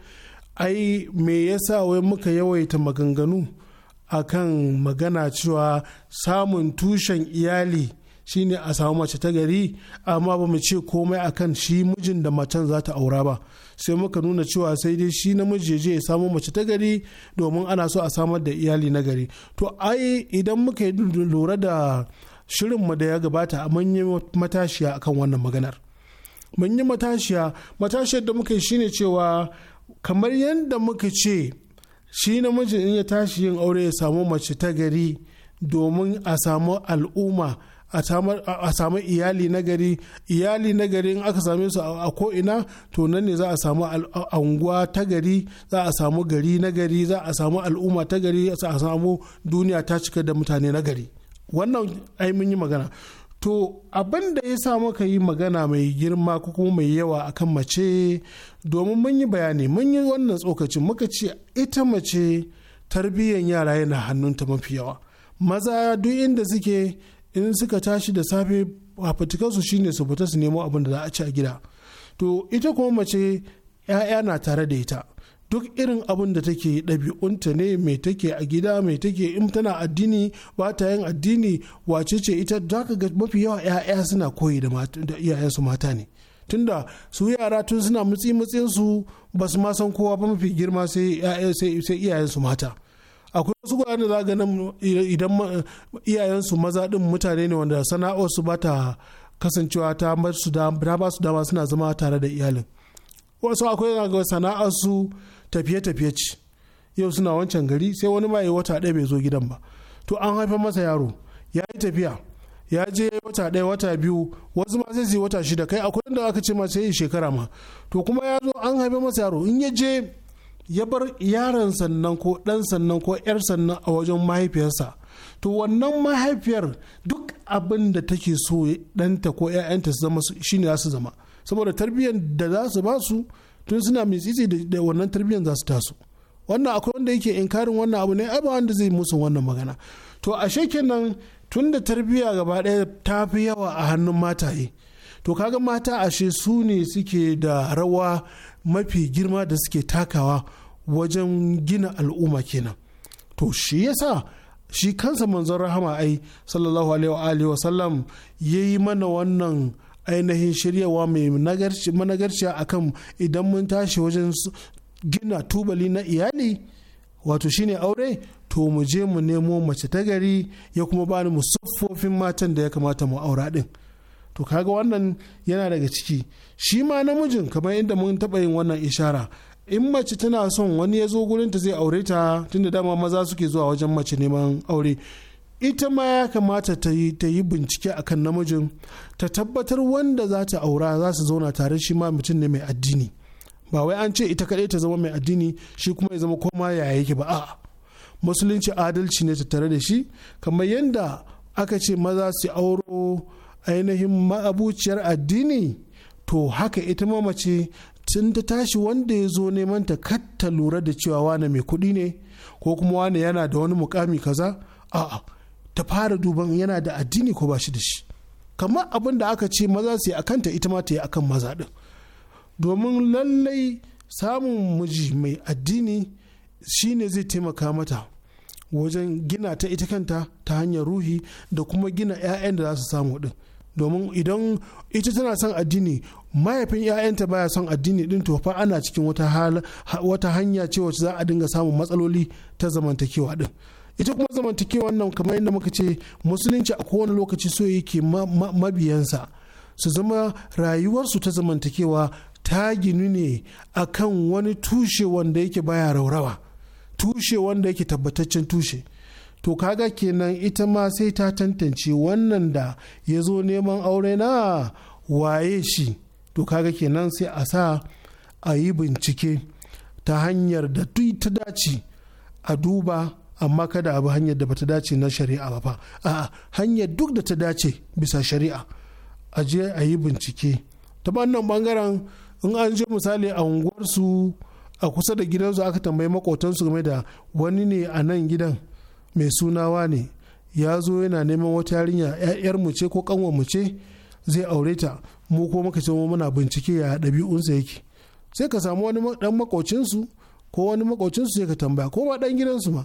ai me yasa wai muka yawaita maganganu akan magana cewa samun tushen iyali shine a samu mace ta gari amma ba mu ce komai akan shi mijin da macen za ta aura ba sai muka nuna cewa sai dai shi namiji je ya samu mace ta gari domin ana so a samar da iyali na gari to ai idan muka lura da shirin mu da ya gabata a yi matashiya akan wannan maganar mun yi matashiya matashiyar da muka yi shine cewa kamar yadda muka ce shi namiji in ya tashi yin aure ya samu mace ta gari domin a samu al'umma a samu iyali nagari iyali nagari in aka same su a ko'ina to nan ne za a samu anguwa ta gari za a samu gari nagari za a samu al'umma ta gari za a samu duniya ta cika da mutane nagari wannan ai mun yi magana to abin da ya sa muka yi magana mai girma ko kuma mai yawa akan mace domin mun yi bayani mun yi wannan tsokacin muka ce ita mace tarbiyyar yara yana hannunta mafi yawa maza duk inda suke in suka tashi da safe su shine su fita su nemo abin da za a ci a gida to ita kuma mace 'ya'ya na tare da ita duk irin abin da take ɗabi'unta ne mai take a gida mai take in tana addini ba ta yin addini wace ce ita za ka ga mafi yawa 'ya'ya suna koyi da iyayensu mata ne tunda su yara tun suna mutsi mutsin su ba su ma san kowa ba mafi girma sai iyayensu mata akwai wasu guraren da za ga nan idan iyayensu maza din mutane ne wanda sana'o su ba ta kasancewa ta ba su dama suna zama tare da iyalin wasu akwai ga sana'o su tafiye-tafiye ce yau suna wancan gari sai wani ma ya wata ɗaya bai zo gidan ba to an haifar masa yaro ya yi tafiya ya je wata ɗaya wata biyu wasu ma sai su yi wata shida kai akwai wanda aka ce ma sai shekara ma to kuma ya zo an haife masa yaro in ya je ya bar yaron sannan ko ɗan sannan ko 'yar sannan a wajen mahaifiyarsa to wannan mahaifiyar duk abin da take so danta ko 'ya'yanta su zama shine za su zama saboda tarbiyyar da za su ba su tun suna mai tsitsi da wannan tarbiyyar za su taso wannan akwai wanda yake inkarin wannan abu ne ba wanda zai musu wannan magana to ashe kenan tun da tarbiyya gaba ɗaya ta fi yawa a hannun mataye to kaga mata ashe su ne suke da rawa mafi girma da suke takawa wajen gina al'umma kenan to shi yasa shi kansa manzon rahama ai sallallahu alaihi wa sallam ya mana wannan ainihin shiryawa mai managarciya akan idan mun tashi wajen gina tubali na iyali wato shine aure to mu je mu nemo mace ta gari ya kuma bani mu siffofin matan da ya kamata mu aura din to kaga wannan yana daga ciki shi ma namijin kamar inda mun taɓa yin wannan ishara in mace tana son wani ya zo ta zai aure ta tunda dama maza suke zuwa wajen mace neman aure ita ma ya kamata ta yi ta yi bincike akan namijin ta tabbatar wanda za ta aura za su zauna tare shi ma mutum ne mai addini ba wai an ce ita kaɗai ta zama mai addini shi kuma ya zama koma ya yake ba a'a musulunci adalci ne ta tare da shi kamar yadda aka ce maza su auro ainihin ma'abuciyar addini to haka ita mamace tun ta tashi wanda ya zo neman ta katta lura da cewa wane mai kuɗi ne ko kuma wane yana da wani mukami kaza a'a ta fara duban yana da addini ko ba shi da shi kamar abin da aka ce maza su yi akan ta ita ma ta yi akan maza din domin lallai samun miji mai addini shine zai taimaka mata wajen gina ta ita kanta ta hanyar ruhi da kuma gina 'ya'yan da za su samu din domin idan ita tana son addini mahaifin 'ya'yanta baya son addini din to fa ana cikin wata hanya ce za a dinga samun matsaloli ta zamantakewa din ita kuma zamantakewa nan kamar yadda muka ce musulunci a kowane lokaci so yake mabiyansa su zama rayuwarsu ta zamantakewa ta ginu ne a kan wani tushe wanda yake baya raurawa tushe wanda yake tabbataccen tushe to kaga kenan ita ma sai ta tantance wannan da ya zo neman aure na waye shi to kaga kenan sai a sa a yi bincike ta hanyar da ta dace a duba amma kada abu hanyar da bata dace na shari'a ba a hanyar duk da ta dace bisa shari'a a je a yi bincike ta bannan bangaren in an je misali a unguwarsu a kusa da gidansu aka tambayi makotansu game da wani ne a nan gidan mai sunawa ne ya zo yana neman wata yarinya yar mu ce ko kanwar mu ce zai aure ta mu ko muka ce mu muna bincike ya ɗabi'unsa yake sai ka samu wani dan makocinsu ko wani makocinsu sai ka tambaya ko ma dan gidansu ma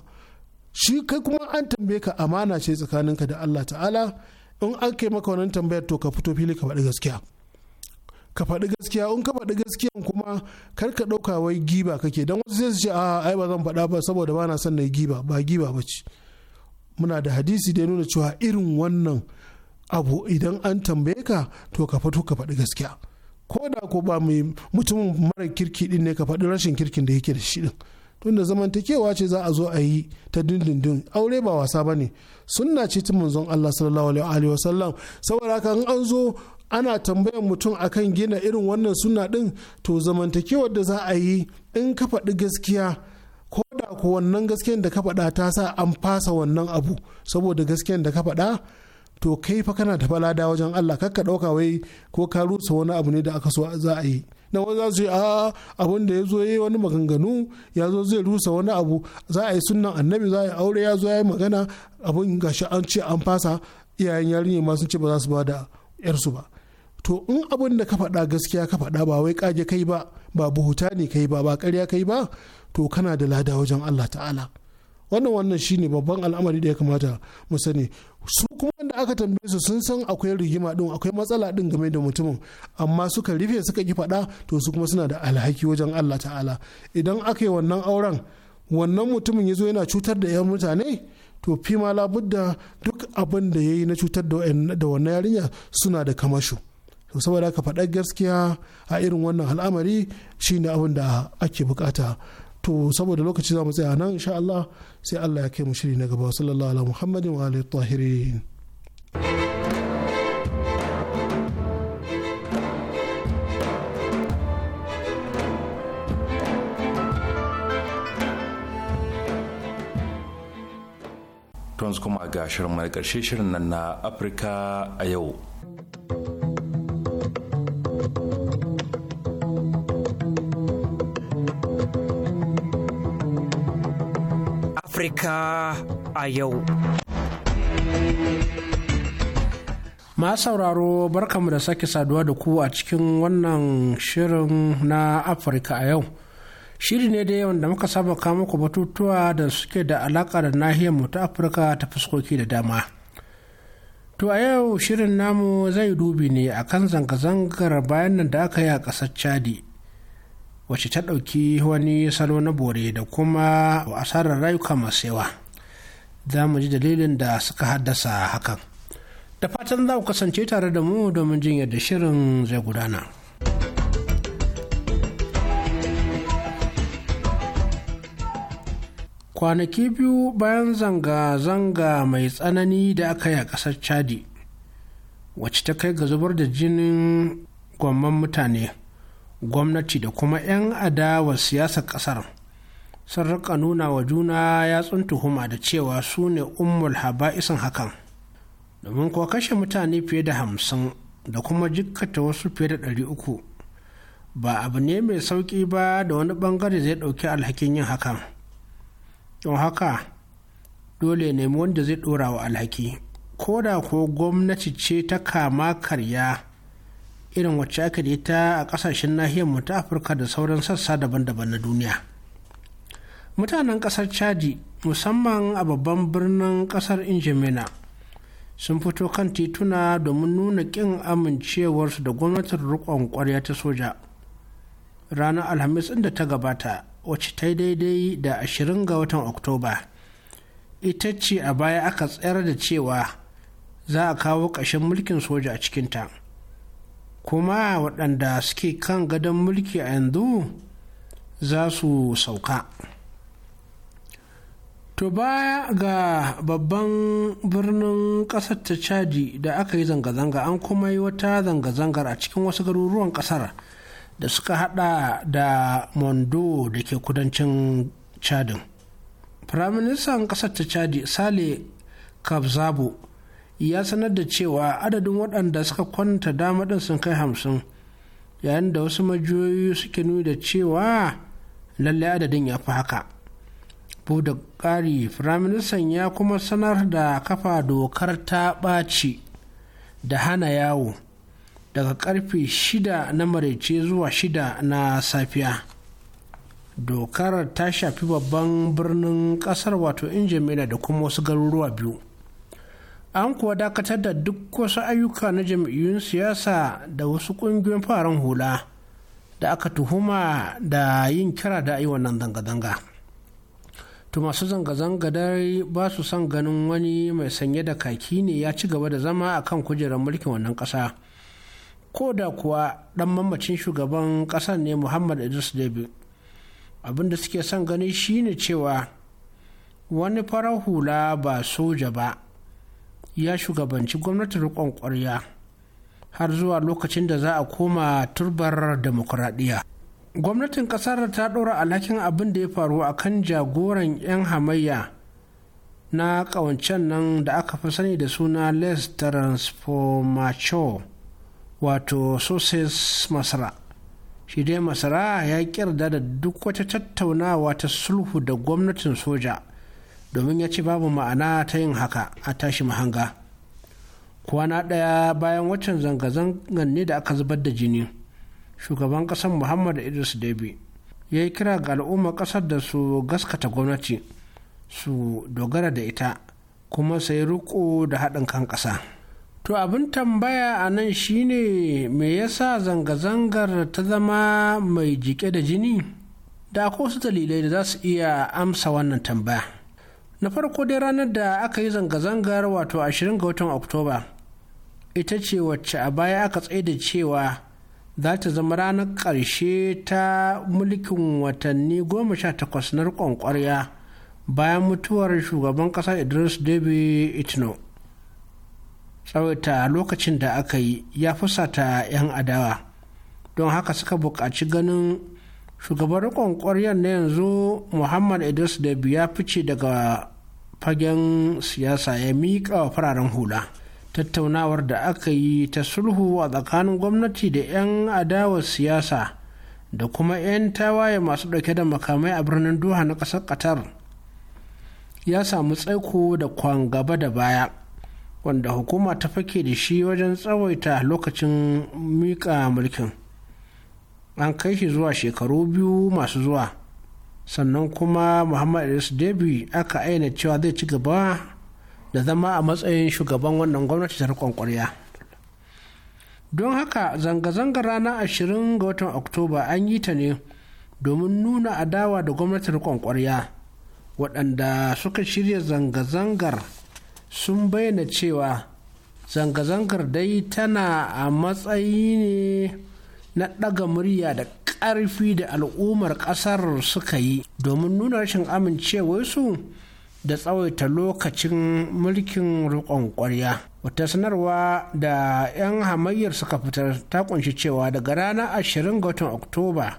shi kai kuma an tambaye ka amana ce tsakaninka da Allah ta'ala in an kai maka wannan tambayar to ka fito fili ka faɗi gaskiya ka faɗi gaskiya in ka faɗi gaskiya kuma kar ka ɗauka wai giba kake don wasu zai su ce a ai ba zan faɗa ba saboda ba na son na giba ba giba ba ce muna da hadisi da nuna cewa irin wannan abu idan an tambaye ka to ka fito ka faɗi gaskiya ko da ko ba mai mutumin mara kirki din ne ka faɗi rashin kirkin da yake da shi din tunda zamantakewa ce za a zo a yi ta dindindin aure ba wasa ne sunna ce ta manzon Allah sallallahu alaihi wasallam saboda haka an zo ana tambayan mutum akan gina irin wannan suna din to zamantakewar da za a yi in ka faɗi gaskiya ko da ku wannan gaskiyar da ka faɗa ta sa an fasa wannan abu saboda gaskiyar da ka faɗa to kai fa kana da wajen Allah kakka ɗauka wai ko ka rusa wani abu ne da aka so za a yi na wani za su yi a abun da ya zo yi wani maganganu ya zo zai rusa wani abu za a yi sunan annabi za a yi aure ya zo ya yi magana abun gashi an ce an fasa iyayen yarinya ma sun ce ba za su ba da yarsu ba to in abin da ka faɗa gaskiya ka faɗa ba wai kaje kai ba ba buhuta ne kai ba ba ƙarya kai ba to kana da lada wajen Allah ta'ala wannan wannan shine babban al'amari da ya kamata mu sani su kuma wanda aka tambaye su sun san akwai rigima din akwai matsala din game da mutumin amma suka rufe suka ki faɗa to su kuma suna da alhaki wajen Allah ta'ala idan aka yi wannan auren wannan mutumin ya zo yana cutar da yan mutane to fi ma labudda duk abin da ya yi na cutar da wannan yarinya suna da kamashu to saboda haka faɗar gaskiya a irin wannan al'amari shine abin da ake bukata to saboda lokaci za mu tsaya nan insha Allah sai Allah ya kai mu shiri na gaba sallallahu alaihi muhammadin wa alihi tahirin kuma ga shirin mai karshe shirin nan na Afirka a yau. Afirka a yau. Ma sauraro barkamu da sake saduwa da ku a cikin wannan shirin na Afirka a yau. Shiri ne da yawan da muka saba kama ku batutuwa da suke da alaƙa da nahiyar mu ta Afirka ta fuskoki da dama. To a yau shirin namu zai dubi ne akan zanga-zangar bayanan da aka yi a ƙasar Chadi wacce ta ɗauki wani salo na bore da kuma asarar rayuka masu yawa za mu ji dalilin da suka haddasa hakan da fatan za ku kasance tare da mu domin jin yadda shirin zai gudana kwanaki biyu bayan zanga-zanga mai tsanani da aka yi a ƙasar chadi wacce ta kai ga zubar da jinin gwamman mutane gwamnati da kuma 'yan adawa siyasar ƙasar sun rika nuna wa juna yatsun tuhuma da cewa su ne ummul haba'isin hakan domin kuwa kashe mutane fiye da hamsin da kuma jikkata wasu fiye da ɗari uku ba abu ne mai sauƙi ba da wani ɓangare zai ɗauki alhakin yin hakan don haka dole nemi wanda zai ɗora wa alhaki ko da ko gwamnati ce ta kama karya irin wacce aka da ta a kasashen nahiyar mu ta afirka da sauran sassa daban-daban na duniya mutanen kasar chadi musamman a babban birnin kasar injimena sun fito kan tituna domin nuna ƙin amincewarsu da gwamnatin rikon kwarya ta soja ranar alhamis inda ta gabata wacce ta daidai da 20 ga watan oktoba ita ce a baya aka tsayar da cewa za a kawo ƙashin mulkin soja a cikinta. kuma waɗanda suke kan gadon mulki a yanzu za su sauka to baya ga babban birnin ƙasar ta chadi da aka yi zanga-zanga an kuma yi wata zanga-zangar a cikin wasu garuruwan ƙasar da suka hada da mondo da ke kudancin chadin firaministan ƙasar ta chadi sale kabzabo ya sanar da cewa adadin waɗanda suka kwanta dama ɗin sun kai hamsin yayin da wasu majiyoyi suke nuni da cewa lalle adadin ya fi haka da ƙari firaministan ya kuma sanar da kafa dokar ta ɓaci da hana yawo daga ƙarfe shida na maraice zuwa shida na safiya dokar ta shafi babban birnin ƙasar wato injimila da kuma wasu garuruwa biyu an kuwa dakatar da duk wasu ayyuka na jam'iyyun siyasa da wasu ƙungiyoyin fararen hula da aka tuhuma da yin kira da yi wannan zanga-zanga to masu zanga-zanga dai ba su son ganin wani mai sanye da kaki ne ya ci gaba da zama a kan kujerar mulkin wannan ƙasa ko da kuwa ɗan mamacin shugaban ƙasar ne muhammad idris debi abin suke son gani shine cewa wani farar hula ba soja ba ya shugabanci gwamnatin rikon ƙwarya har zuwa lokacin da za a koma turbar demokuraɗiyya. gwamnatin ƙasar ta ɗora alhakin abin da ya faru a kan jagoran 'yan hamayya na ƙawancen nan da aka fi sani da suna les transformacho wato sources masara shi dai masara ya kirda da duk wata tattaunawa ta sulhu da gwamnatin soja domin ya ce babu ma'ana ta yin haka a tashi mahanga kwana ɗaya bayan waccan zanga-zangan ne da aka zubar da jini shugaban ƙasar muhammad idris debi ya yi kira ga al'ummar ƙasar da su gaskata gwamnati su dogara da ita kuma sai riko da haɗin kan ƙasa. To abin tambaya a nan shine me yasa zanga-zangar ta zama mai jike da jini? Da akwai su dalilai da za su iya amsa wannan tambaya. na farko dai ranar da aka yi zanga-zangar wato 20 ga watan oktoba ita ce wacce a baya aka tsaida cewa za ta zama ranar ƙarshe ta mulkin watanni 18 na riƙon ƙwarya bayan mutuwar shugaban ƙasa idris debi itno tsawaita lokacin da aka yi ya fusata 'yan adawa don haka suka buƙaci ganin shugaban rikon ƙwaryar na yanzu muhammad idris da ya fice daga fagen siyasa ya miƙa wa fararen hula tattaunawar da aka yi ta sulhu a tsakanin gwamnati da 'yan adawar siyasa da kuma 'yan tawaye masu ɗauke da makamai a birnin doha na ƙasar qatar ya samu tsaiko da kwan gaba da baya wanda hukuma ta fake da shi wajen tsawaita lokacin miƙa mulkin an kai shi zuwa shekaru biyu masu zuwa sannan kuma muhammad idris debi aka aina cewa zai ci gaba da zama a matsayin shugaban wannan gwamnati ta riƙon kwarya don haka zanga-zangar ranar ashirin ga watan oktoba an yi ta ne domin nuna adawa da gwamnatin rikon ƙwarya waɗanda suka shirya zanga-zangar sun bayyana cewa zanga-zangar dai tana a matsayi ne na ɗaga murya da ƙarfi da al'ummar ƙasar suka yi domin nuna rashin amincewarsu da tsawaita lokacin mulkin riƙon ƙwarya. Wata sanarwa da 'yan hamayyar suka fitar ta kunshi cewa daga ranar 20 ga watan Oktoba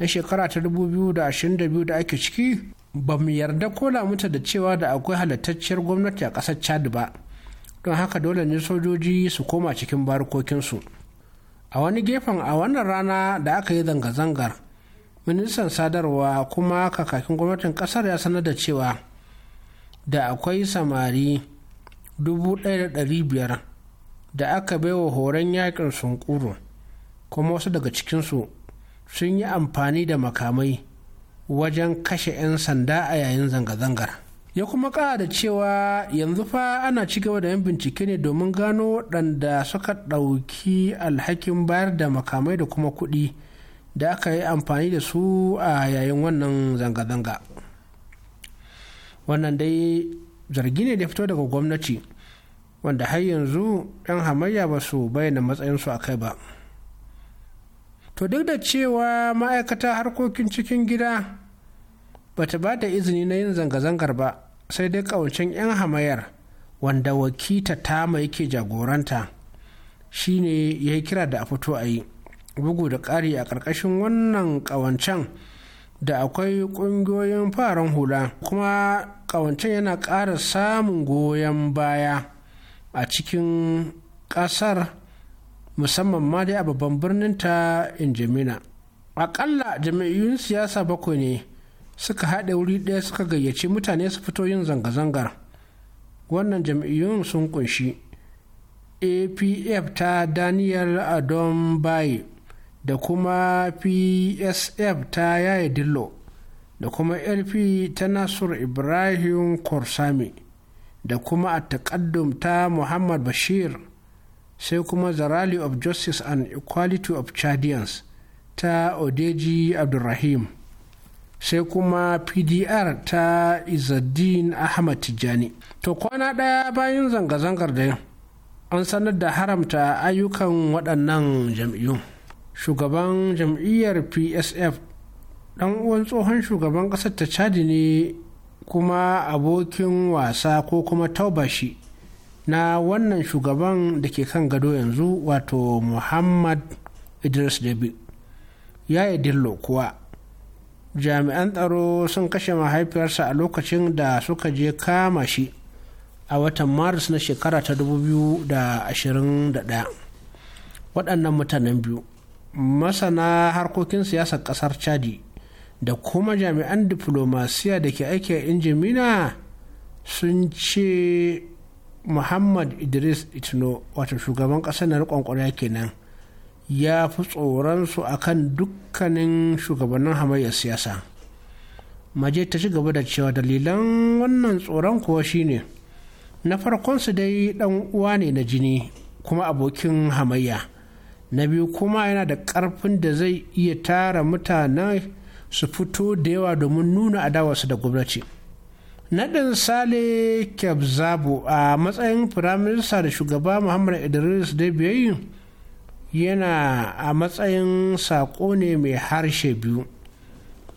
na shekara ta 2022 da ake ciki ba mu yarda ko lamuta da cewa da akwai halittacciyar gwamnati a ƙasar Chad ba. Don haka dole ne sojoji su koma cikin barkokinsu. a wani gefen a wannan rana da aka yi zanga-zangar ministan sadarwa kuma kakakin gwamnatin kasar ya sanar da cewa da akwai samari 1,500 da aka baiwa horon yakin sunkuru kuma wasu daga cikinsu sun yi amfani da makamai wajen kashe 'yan sanda a yayin zanga-zangar ya kuma kara da cewa yanzu fa ana ci gaba da yan bincike ne domin gano waɗanda suka ɗauki alhakin bayar da makamai da kuma kuɗi da aka yi amfani da su a yayin wannan zanga-zanga wannan dai zargi ne da fito daga gwamnati wanda har yanzu 'yan hamayya ba su bayyana matsayinsu a kai ba to duk da cewa ma'aikata harkokin cikin gida bata ba da izini na yin zanga-zangar ba sai dai kawancin 'yan hamayar wanda wakita mai yake jagoranta shine ya yi kira da a fito a yi bugu da ƙari a ƙarƙashin wannan ƙawancen da akwai ƙungiyoyin faran hula kuma ƙawancen yana ƙara samun goyon baya a cikin ƙasar musamman ma dai a babban birnin ta injimina aƙalla jami'in siyasa bakwai ne suka haɗe wuri ɗaya suka gayyaci mutane su fito yin zanga-zangar wannan jam'iyyun sun kunshi apf ta daniel adon baye da kuma psf ta yaya dillo da kuma lp ta nasur ibrahim korsami da kuma a ta muhammad bashir sai kuma the rally of justice and equality of chadians ta odeji abdulrahim sai kuma pdr ta izaddin ahmad tijjani to kwana ɗaya bayan zanga-zangar da an sanar da haramta ayyukan waɗannan jam'iyyu shugaban jam'iyyar psf ɗan uwan tsohon shugaban ƙasar ta chadi ne kuma abokin wasa ko kuma taubashi na wannan shugaban da ke kan gado yanzu wato muhammad idris dab'i ya yi dillo kuwa jami'an tsaro sun kashe mahaifiyarsa a lokacin da suka je kama shi a watan maris na shekara ta 2021 waɗannan mutanen biyu masana harkokin siyasar ƙasar chadi da kuma jami'an diflomasiya da ke aiki a injimina sun ce muhammad idris itno wato shugaban ƙasar na riƙon kenan ya fi tsoronsu a kan dukkanin shugabannin hamayyar siyasa maje ta ci gaba da cewa dalilan wannan tsoron kuwa shine na farkonsu dai dan uwa ne na jini kuma abokin hamayya na biyu kuma yana da ƙarfin da zai iya tara mutane su fito da yawa domin nuna adawarsu da gwamnati naɗin sale kyabzabo a matsayin firaminista da shugaba muhammad idris da biyayyu yana a matsayin sako ne mai harshe biyu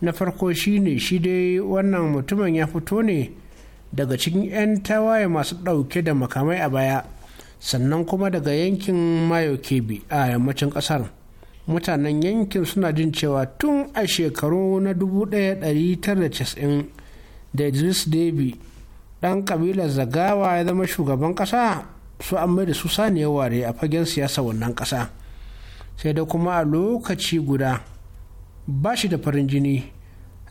na farko shine shi dai wannan mutumin ya fito ne daga cikin 'yan tawaye masu ɗauke da makamai a baya sannan kuma daga yankin mayo kebi a yammacin ƙasar mutanen yankin suna jin cewa tun a shekaru na 1990 da idris debi ɗan ƙabilar zagawa ya zama shugaban ƙasa su an mai da su saniyar ware a fagen siyasa wannan ƙasa. sai da kuma a lokaci guda ba shi da farin jini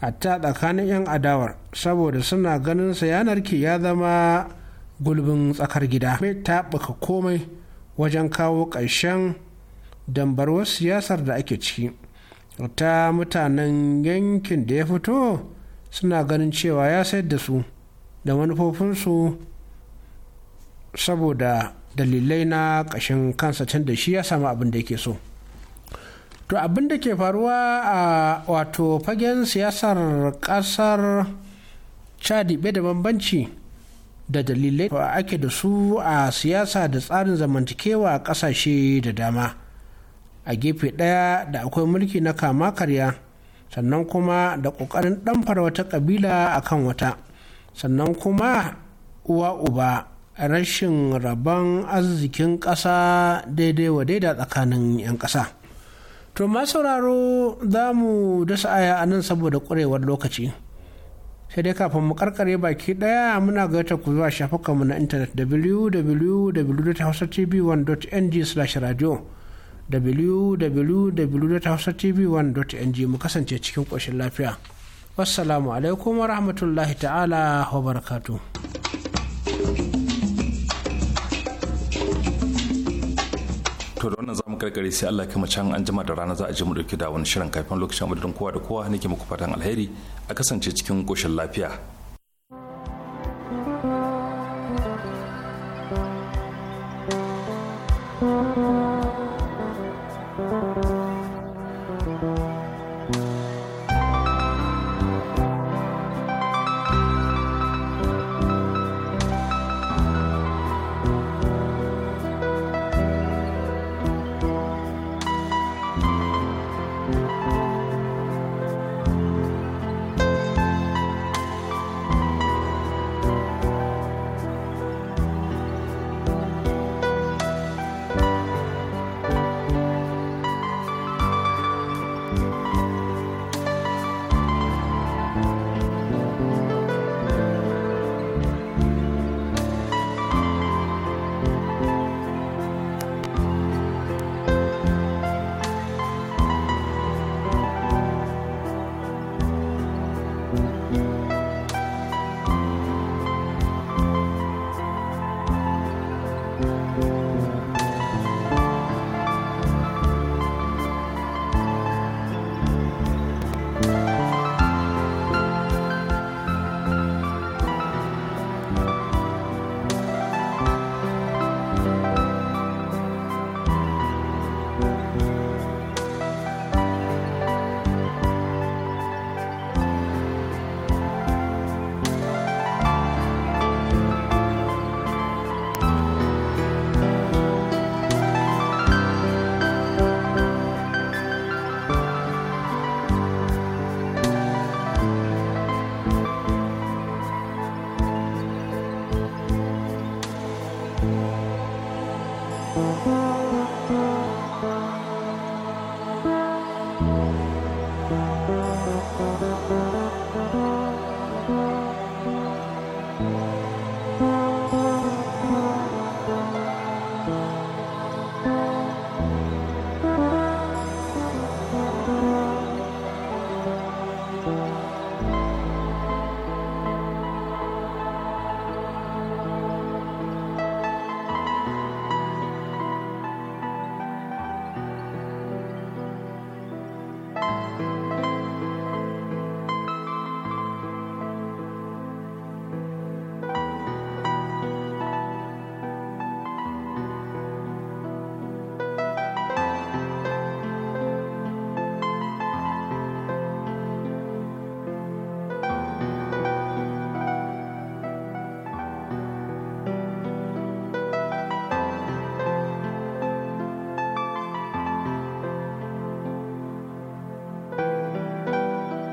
hatta tsakanin 'yan adawar saboda suna ganin sa yanar ki ya zama gulbin tsakar gida mai taɓuka komai wajen kawo ƙarshen dambarwar siyasar da ake ciki ta mutanen yankin da ya fito suna ganin cewa ya sayar da su da manufofinsu saboda dalilai na ƙashin kansa can da shi ya samu abin da yake so. to abin da ke faruwa a wato fagen siyasar kasar Chadibe da bambanci da dalilai da ake da su a siyasa da tsarin zamantakewa a kasashe da dama a gefe ɗaya da akwai mulki na kama karya sannan kuma da ƙoƙarin ɗamfar wata ƙabila a kan wata sannan kuma uwa uba rashin rabon arzikin ƙasa daidai wa daida tsakanin 'yan ƙasa to sauraro za mu dasa aya a nan saboda ƙwarewar lokaci sai dai kafin mu karkare baki ɗaya muna gaita ku zuwa shafukanmu na intanet www.hausatv1.ng/radio www.hausatv1.ng mu kasance cikin ƙoshin lafiya wassalamu alaikum wa rahmatullahi ta'ala wa barakatuh to da wannan mu karkare sai Allah kuma can an jima da rana za a je mu dauki da wani shirin kafin lokacin madadin kowa da kowa nake muku fatan alheri a kasance cikin koshin lafiya